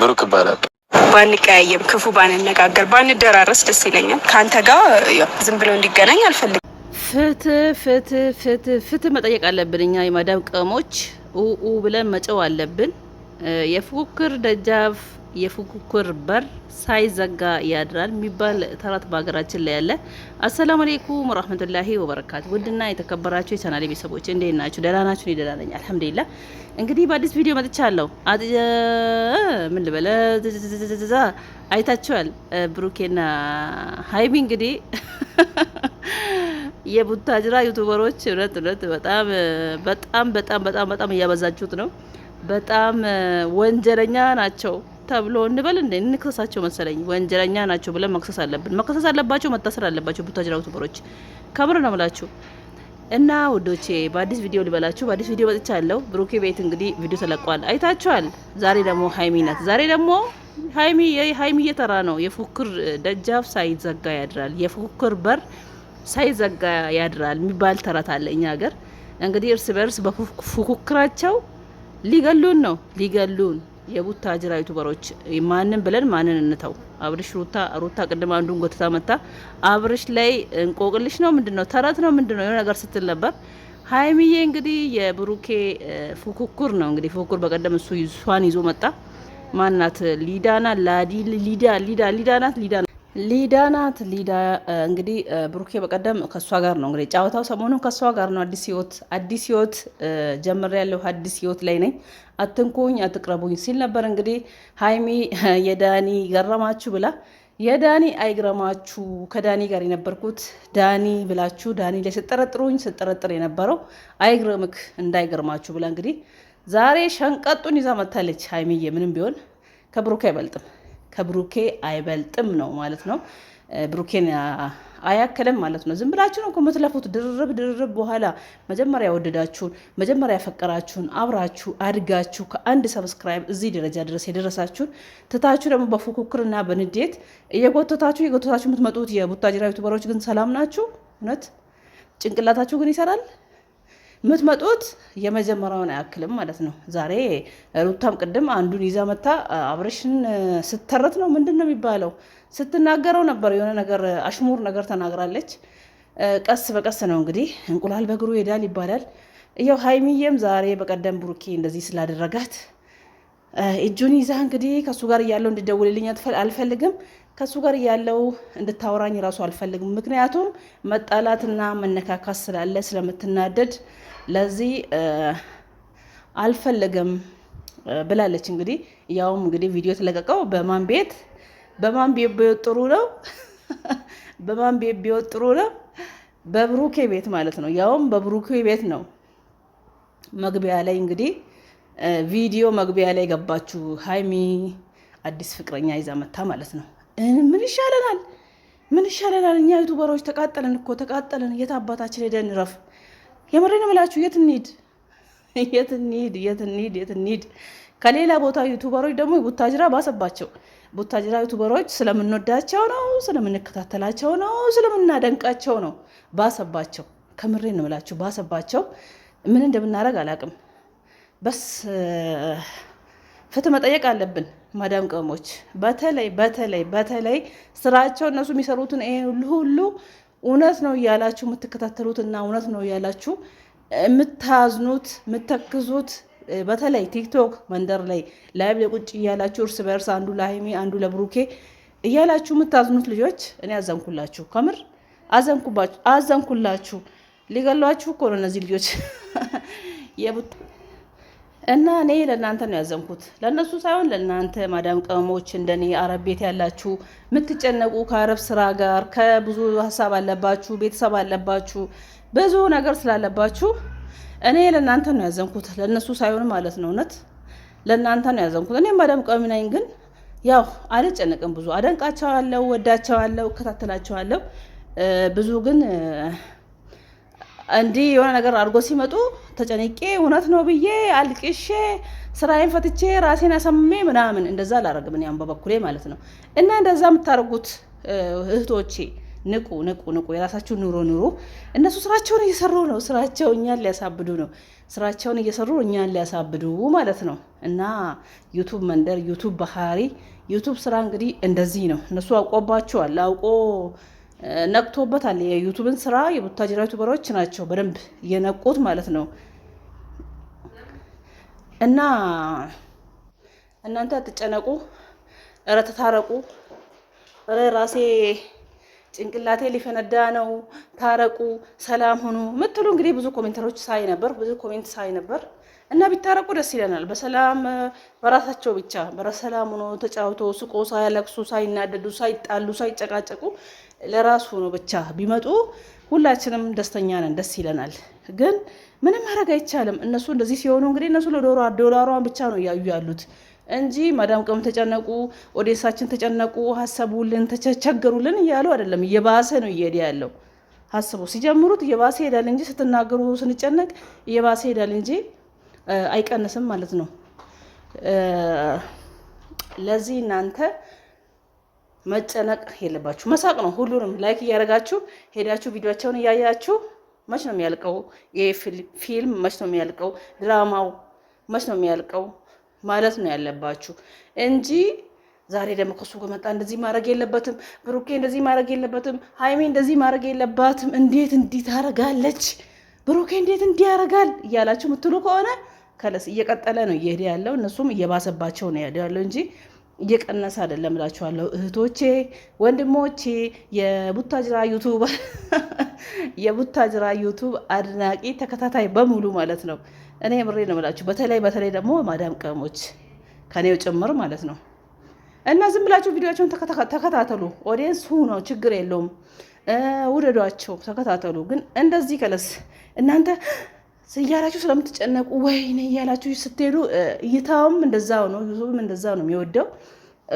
ብሩክ ይባላል። ባንቀያየም፣ ክፉ ባንነጋገር፣ ባንደራረስ ደስ ይለኛል። ከአንተ ጋር ዝም ብሎ እንዲገናኝ አልፈልግም። ፍትህ ፍትህ ፍትህ ፍትህ መጠየቅ አለብን እኛ የማዳም ቀሞች ኡኡ ብለን መጨው አለብን። የፉክክር ደጃፍ የፉክክር በር ሳይዘጋ ያድራል የሚባል ተረት በሀገራችን ላይ ያለ። አሰላሙ አሌይኩም ወራህመቱላሂ ወበረካቱ። ውድና የተከበራችሁ የቻናሌ ቤተሰቦች እንዴት ናችሁ? ደህና ናችሁ? እኔ ደህና ነኝ አልሐምዱሊላህ። እንግዲህ በአዲስ ቪዲዮ መጥቻለሁ። ምን ልበለ አይታችኋል። ብሩኬና ሀይሚ እንግዲህ የቡታጅራ ዩቱበሮች እውነት እውነት በጣም በጣም በጣም በጣም በጣም እያበዛችሁት ነው። በጣም ወንጀለኛ ናቸው። ተብሎ እንበል እንደ እንክሰሳቸው መሰለኝ። ወንጀለኛ ናቸው ብለን መክሰስ አለብን። መክሰስ አለባቸው፣ መታሰር አለባቸው። ቡታጅራ ዩቱበሮች ከምር ነው ምላችሁ እና ውዶቼ በአዲስ ቪዲዮ ልበላችሁ። በአዲስ ቪዲዮ መጥቻለሁ። ብሩኬ ቤት እንግዲህ ቪዲዮ ተለቋል፣ አይታችኋል። ዛሬ ደግሞ ሀይሚ ናት። ዛሬ ደግሞ ሀይሚ የሀይሚ እየተራ ነው። የፉክክር ደጃፍ ሳይዘጋ ያድራል፣ የፉክክር በር ሳይዘጋ ያድራል የሚባል ተረት አለ እኛ ሀገር። እንግዲህ እርስ በርስ በፉክክራቸው ሊገሉን ነው ሊገሉን የቡታጅራ ዩቱበሮች ማንን ብለን ማንን እንተው? አብርሽ ሩታ ሩታ ቅድም አንዱን ጎትታ መታ አብርሽ ላይ እንቆቅልሽ ነው ምንድን ነው ተረት ነው ምንድን ነው የሆነ ነገር ስትል ነበር። ሀይሚዬ እንግዲህ የብሩኬ ፉክኩር ነው እንግዲህ ፉክኩር። በቀደም እሱ ሷን ይዞ መጣ። ማናት ሊዳና ላዲ ሊዳ ሊዳ ሊዳናት ሊዳ ሊዳ ናት። ሊዳ እንግዲህ ብሩኬ በቀደም ከእሷ ጋር ነው እንግዲህ ጨዋታው ሰሞኑን ከእሷ ጋር ነው። አዲስ ህይወት አዲስ ህይወት ጀምሬያለሁ፣ አዲስ ህይወት ላይ ነኝ፣ አትንኩኝ፣ አትቅረቡኝ ሲል ነበር። እንግዲህ ሀይሚ የዳኒ ገረማችሁ ብላ የዳኒ አይግረማችሁ ከዳኒ ጋር የነበርኩት ዳኒ ብላችሁ ዳኒ ላይ ስጠረጥሩኝ ስጠረጥር የነበረው አይግረምክ እንዳይገርማችሁ ብላ እንግዲህ ዛሬ ሸንቀጡን ይዛ መታለች። ሀይሚዬ ምንም ቢሆን ከብሩኬ አይበልጥም። ከብሩኬ አይበልጥም ነው ማለት ነው። ብሩኬን አያክልም ማለት ነው። ዝም ብላችሁ ነው ከምትለፉት ድርብ ድርብ። በኋላ መጀመሪያ ወደዳችሁን መጀመሪያ ያፈቀራችሁን አብራችሁ አድጋችሁ ከአንድ ሰብስክራይብ እዚህ ደረጃ ድረስ የደረሳችሁን ትታችሁ ደግሞ በፉክክርና በንዴት እየጎተታችሁ እየጎተታችሁ የምትመጡት የቡታጅራ ዩቱበሮች ግን ሰላም ናችሁ? እውነት ጭንቅላታችሁ ግን ይሰራል? የምትመጡት የመጀመሪያውን አያክልም ማለት ነው። ዛሬ ሩታም ቅድም አንዱን ይዛ መታ አብሬሽን ስተረት ነው ምንድን ነው የሚባለው ስትናገረው ነበር። የሆነ ነገር አሽሙር ነገር ተናግራለች። ቀስ በቀስ ነው እንግዲህ እንቁላል በእግሩ ይሄዳል ይባላል። ያው ሀይሚዬም ዛሬ በቀደም ብሩኬ እንደዚህ ስላደረጋት እጁን ይዛ እንግዲህ ከእሱ ጋር እያለው እንዲደውልልኛ አልፈልግም ከእሱ ጋር ያለው እንድታወራኝ ራሱ አልፈልግም። ምክንያቱም መጣላትና መነካካት ስላለ ስለምትናደድ ለዚህ አልፈለገም ብላለች። እንግዲህ ያውም እንግዲህ ቪዲዮ የተለቀቀው በማን ቤት በማን ቤት ቢወጥ ጥሩ ነው፣ በማን ቤት ቢወጥ ጥሩ ነው፣ በብሩኬ ቤት ማለት ነው። ያውም በብሩኬ ቤት ነው። መግቢያ ላይ እንግዲህ ቪዲዮ መግቢያ ላይ ገባችሁ፣ ሀይሚ አዲስ ፍቅረኛ ይዛ መታ ማለት ነው። ምን ይሻለናል? ምን ይሻለናል? እኛ ዩቱበሮች ተቃጠለን እኮ ተቃጠለን የት አባታችን ሄደን እንረፍ? የምሬን እምላችሁ የት እንሂድ? የት እንሂድ? የት እንሂድ? የት እንሂድ? ከሌላ ቦታ ዩቱበሮች ደግሞ ቡታጅራ ባሰባቸው። ቡታጅራ ዩቱበሮች ስለምንወዳቸው ነው፣ ስለምንከታተላቸው ነው፣ ስለምናደንቃቸው ነው። ባሰባቸው። ከምሬን እምላችሁ ባሰባቸው። ምን እንደምናደርግ አላውቅም። በስ ፍትህ መጠየቅ አለብን። መደምቀሞች በተለይ በተለይ በተለይ ስራቸው እነሱ የሚሰሩትን ይሄ ሁሉ ሁሉ እውነት ነው እያላችሁ የምትከታተሉት እና እውነት ነው እያላችሁ የምታዝኑት የምተክዙት በተለይ ቲክቶክ መንደር ላይ ላይብ ለቁጭ እያላችሁ እርስ በእርስ አንዱ ለሀይሚ አንዱ ለብሩኬ እያላችሁ የምታዝኑት ልጆች እኔ አዘንኩላችሁ፣ ከምር አዘንኩላችሁ። ሊገሏችሁ እኮ ነው እነዚህ ልጆች። እና እኔ ለእናንተ ነው ያዘንኩት፣ ለእነሱ ሳይሆን ለእናንተ ማዳም ቅመሞች፣ እንደኔ አረብ ቤት ያላችሁ የምትጨነቁ ከአረብ ስራ ጋር ከብዙ ሀሳብ አለባችሁ፣ ቤተሰብ አለባችሁ፣ ብዙ ነገር ስላለባችሁ እኔ ለእናንተ ነው ያዘንኩት፣ ለእነሱ ሳይሆን ማለት ነው። እውነት ለእናንተ ነው ያዘንኩት። እኔ ማዳም ቅመም ነኝ፣ ግን ያው አልጨነቅም። ብዙ አደንቃቸዋለሁ፣ ወዳቸዋለሁ፣ እከታተላቸዋለሁ። ብዙ ግን እንዲህ የሆነ ነገር አድርጎ ሲመጡ ተጨንቄ እውነት ነው ብዬ አልቅሼ ስራዬን ፈትቼ ራሴን አሳምሜ ምናምን እንደዛ አላደርግም። እኔም በበኩሌ ማለት ነው። እና እንደዛ የምታደርጉት እህቶቼ ንቁ፣ ንቁ፣ ንቁ። የራሳችሁ ኑሮ ኑሮ እነሱ ስራቸውን እየሰሩ ነው። ስራቸው እኛን ሊያሳብዱ ነው። ስራቸውን እየሰሩ እኛን ሊያሳብዱ ማለት ነው። እና ዩቱብ መንደር፣ ዩቱብ ባህሪ፣ ዩቱብ ስራ እንግዲህ እንደዚህ ነው። እነሱ አውቆባቸዋል አውቆ ነቅቶበታል። የዩቱብን ስራ የቡታጅራ ዩቱበሮች ናቸው በደንብ የነቁት ማለት ነው። እና እናንተ አትጨነቁ፣ እረ ተታረቁ፣ እረ ራሴ ጭንቅላቴ ሊፈነዳ ነው፣ ታረቁ፣ ሰላም ሁኑ ምትሉ እንግዲህ ብዙ ኮሜንተሮች ሳይ ነበር፣ ብዙ ኮሜንት ሳይ ነበር። እና ቢታረቁ ደስ ይለናል። በሰላም በራሳቸው ብቻ በሰላም ሆኖ ተጫውቶ ስቆ ሳያለቅሱ፣ ሳይናደዱ፣ ሳይጣሉ፣ ሳይጨቃጨቁ ለራሱ ነው ብቻ ቢመጡ ሁላችንም ደስተኛ ነን፣ ደስ ይለናል። ግን ምንም ማድረግ አይቻልም። እነሱ እንደዚህ ሲሆኑ እንግዲህ እነሱ ለዶላሯን ብቻ ነው እያዩ ያሉት እንጂ ማዳም ቅመም ተጨነቁ፣ ኦዴሳችን ተጨነቁ፣ ሀሰቡልን፣ ተቸገሩልን እያሉ አይደለም። እየባሰ ነው እየሄደ ያለው። ሀስቡ ሲጀምሩት እየባሰ ይሄዳል እንጂ ስትናገሩ፣ ስንጨነቅ እየባሰ ይሄዳል እንጂ አይቀንስም ማለት ነው። ለዚህ እናንተ መጨነቅ የለባችሁ። መሳቅ ነው። ሁሉንም ላይክ እያደረጋችሁ ሄዳችሁ ቪዲዮቸውን እያያችሁ መች ነው የሚያልቀው? ይህ ፊልም መች ነው የሚያልቀው? ድራማው መች ነው የሚያልቀው ማለት ነው ያለባችሁ እንጂ ዛሬ ደግሞ ከሱ ከመጣ እንደዚህ ማድረግ የለበትም፣ ብሩኬ እንደዚህ ማድረግ የለበትም፣ ሀይሜ እንደዚህ ማድረግ የለባትም፣ እንዴት እንዲህ ታደርጋለች፣ ብሩኬ እንዴት እንዲህ ያደርጋል እያላችሁ የምትሉ ከሆነ ከለስ እየቀጠለ ነው እየሄደ ያለው እነሱም እየባሰባቸው ነው ያለው እንጂ እየቀነሰ አይደለም እላችኋለሁ እህቶቼ ወንድሞቼ፣ የቡታጅራ ዩቱብ የቡታጅራ ዩቱብ አድናቂ ተከታታይ በሙሉ ማለት ነው። እኔ ምሬ ነው የምላችሁ። በተለይ በተለይ ደግሞ ማዳም ቀሞች ከኔው ጭምር ማለት ነው እና ዝም ብላችሁ ቪዲዮቸውን ተከታተሉ። ኦዲየንስ ሁኖ ችግር የለውም ውደዷቸው፣ ተከታተሉ። ግን እንደዚህ ከለስ እናንተ እያላችሁ ስለምትጨነቁ ወይኔ እያላችሁ ስትሄዱ እይታውም እንደዛው ነው፣ ዩቱብም እንደዛው ነው የሚወደው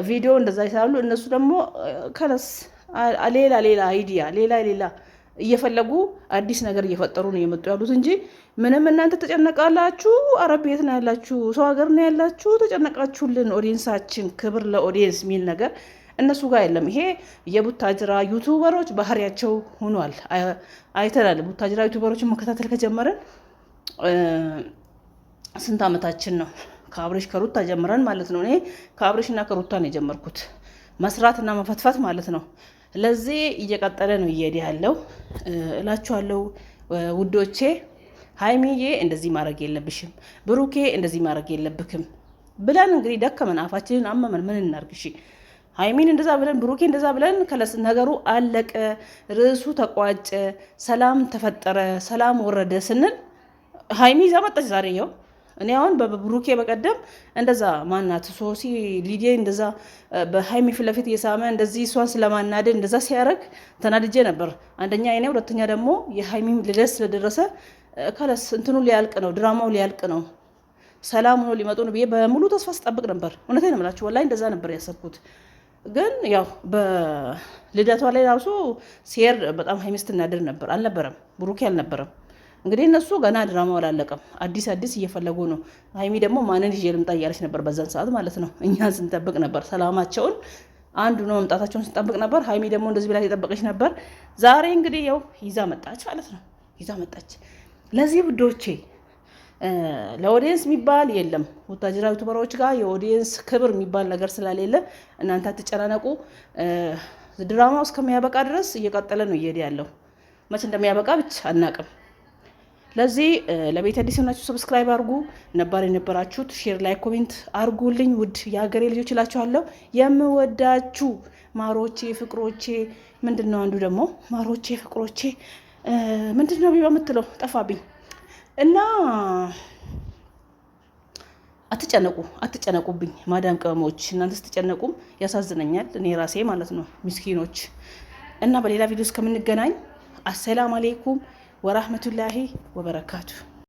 ቪዲዮ እንደዛ ይሰራሉ። እነሱ ደግሞ ከለስ ሌላ ሌላ አይዲያ ሌላ ሌላ እየፈለጉ አዲስ ነገር እየፈጠሩ ነው የመጡ ያሉት እንጂ ምንም እናንተ ተጨነቃላችሁ። አረብ ቤት ነው ያላችሁ፣ ሰው ሀገር ነው ያላችሁ፣ ተጨነቃችሁልን፣ ኦዲየንሳችን ክብር ለኦዲየንስ የሚል ነገር እነሱ ጋር የለም። ይሄ የቡታጅራ ዩቱበሮች ባህሪያቸው ሆኗል። አይተናል። ቡታጅራ ዩቱበሮችን መከታተል ከጀመረን ስንት ዓመታችን ነው? ከአብሬሽ ከሩታ ጀምረን ማለት ነው። እኔ ከአብሬሽና ከሩታ ነው የጀመርኩት መስራትና መፈትፈት ማለት ነው። ለዚህ እየቀጠለ ነው እየሄደ ያለው እላችኋለሁ ውዶቼ። ሀይሚዬ እንደዚህ ማድረግ የለብሽም፣ ብሩኬ እንደዚህ ማድረግ የለብክም ብለን እንግዲህ ደከመን፣ አፋችንን አመመን። ምን እናርግ? እሺ ሀይሚን እንደዛ ብለን ብሩኬ እንደዛ ብለን ከለስ ነገሩ አለቀ፣ ርዕሱ ተቋጨ፣ ሰላም ተፈጠረ፣ ሰላም ወረደ ስንል ሀይሚ ይዛ መጣች ዛሬ ያው እኔ አሁን በብሩኬ በቀደም እንደዛ ማናት ሶሲ ሊዲያ እንደዛ በሀይሚ ፊት ለፊት እየሳመ እንደዚህ እሷን ስለማናደድ እንደዛ ሲያደርግ ተናድጄ ነበር። አንደኛ እኔ፣ ሁለተኛ ደግሞ የሀይሚ ልደት ስለደረሰ ከለስ እንትኑ ሊያልቅ ነው፣ ድራማው ሊያልቅ ነው፣ ሰላም ሆኖ ሊመጡ ነው ብዬ በሙሉ ተስፋ ስጠብቅ ነበር። እውነቴን እምላችሁ ወላሂ እንደዛ ነበር ያሰብኩት። ግን ያው በልደቷ ላይ ራሱ ሲሄድ በጣም ሀይሚ ስትናደድ ነበር። አልነበረም ብሩኬ አልነበረም እንግዲህ እነሱ ገና ድራማው አላለቀም። አዲስ አዲስ እየፈለጉ ነው። ሀይሚ ደግሞ ማንን ይዤ ልምጣ እያለች ነበር በዛን ሰዓት ማለት ነው። እኛ ስንጠብቅ ነበር ሰላማቸውን አንዱ ነው መምጣታቸውን ስንጠብቅ ነበር። ሀይሚ ደግሞ እንደዚህ ብላ የጠበቀች ነበር። ዛሬ እንግዲህ ያው ይዛ መጣች ማለት ነው። ይዛ መጣች። ለዚህ ውዶቼ ለኦዲየንስ የሚባል የለም። ወታጅራዊ ዩቱበሮች ጋር የኦዲየንስ ክብር የሚባል ነገር ስለሌለ እናንተ አትጨናነቁ። ድራማው እስከሚያበቃ ድረስ እየቀጠለ ነው እየሄደ ያለው። መቼ እንደሚያበቃ ብቻ አናቅም። ለዚህ ለቤት አዲስ የሆናችሁ ሰብስክራይብ አድርጉ፣ ነባር የነበራችሁት ሼር ላይ ኮሜንት አድርጉልኝ። ውድ የሀገሬ ልጆች እላችኋለሁ፣ የምወዳችሁ ማሮቼ ፍቅሮቼ። ምንድን ነው አንዱ ደግሞ ማሮቼ ፍቅሮቼ ምንድን ነው የምትለው ጠፋብኝ። እና አትጨነቁ አትጨነቁብኝ፣ ማዳም ቅመሞች እናንተ ስትጨነቁም ያሳዝነኛል፣ እኔ ራሴ ማለት ነው ምስኪኖች። እና በሌላ ቪዲዮ እስከምንገናኝ አሰላም አሌይኩም ورحمة الله وبركاته